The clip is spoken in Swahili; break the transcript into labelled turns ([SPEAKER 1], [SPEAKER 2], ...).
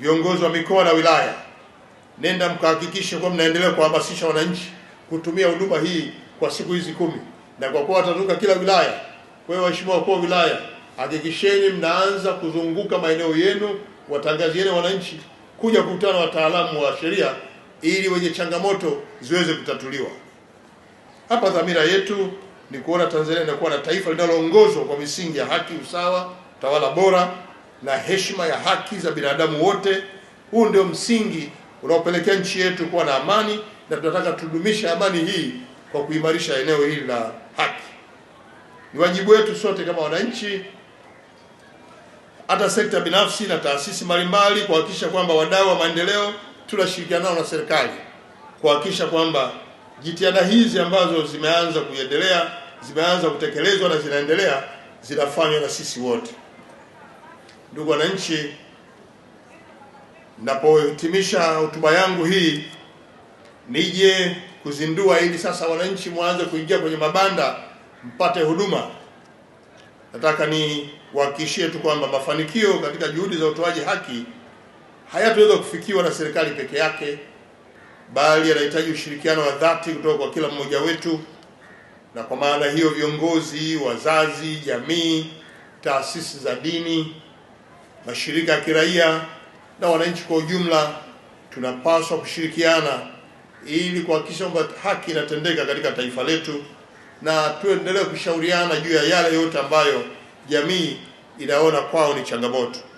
[SPEAKER 1] viongozi wa mikoa na wilaya, nenda mkahakikishe kuwa mnaendelea kuhamasisha wananchi kutumia huduma hii kwa siku hizi kumi, na kwa kuwa watazunguka kila wilaya, hiyo, waheshimiwa wakuu wa wilaya, hakikisheni mnaanza kuzunguka maeneo yenu, watangazieni wananchi kuja kukutana wataalamu wa sheria ili wenye changamoto ziweze kutatuliwa. Hapa dhamira yetu ni kuona Tanzania inakuwa na taifa linaloongozwa kwa misingi ya haki, usawa, tawala bora na heshima ya haki za binadamu wote. Huu ndio msingi unaopelekea nchi yetu kuwa na amani, na tunataka tudumishe amani hii kwa kuimarisha eneo hili la haki. Ni wajibu wetu sote kama wananchi, hata sekta binafsi na taasisi mbalimbali, kuhakikisha kwamba wadau wa maendeleo tunashirikiana nao na serikali kuhakikisha kwamba jitihada hizi ambazo zimeanza kuendelea, zimeanza kutekelezwa na zinaendelea, zinafanywa na sisi wote. Ndugu wananchi, napohitimisha hotuba yangu hii, nije kuzindua ili sasa wananchi mwanze kuingia kwenye mabanda mpate huduma. Nataka niwahakikishie tu kwamba mafanikio katika juhudi za utoaji haki hayataweza kufikiwa na serikali peke yake, bali yanahitaji ushirikiano wa dhati kutoka kwa kila mmoja wetu, na kwa maana hiyo viongozi, wazazi, jamii, taasisi za dini mashirika ya kiraia na wananchi kwa ujumla tunapaswa kushirikiana ili kuhakikisha kwamba haki inatendeka katika taifa letu, na tuendelee kushauriana juu ya yale yote ambayo jamii inaona kwao ni changamoto.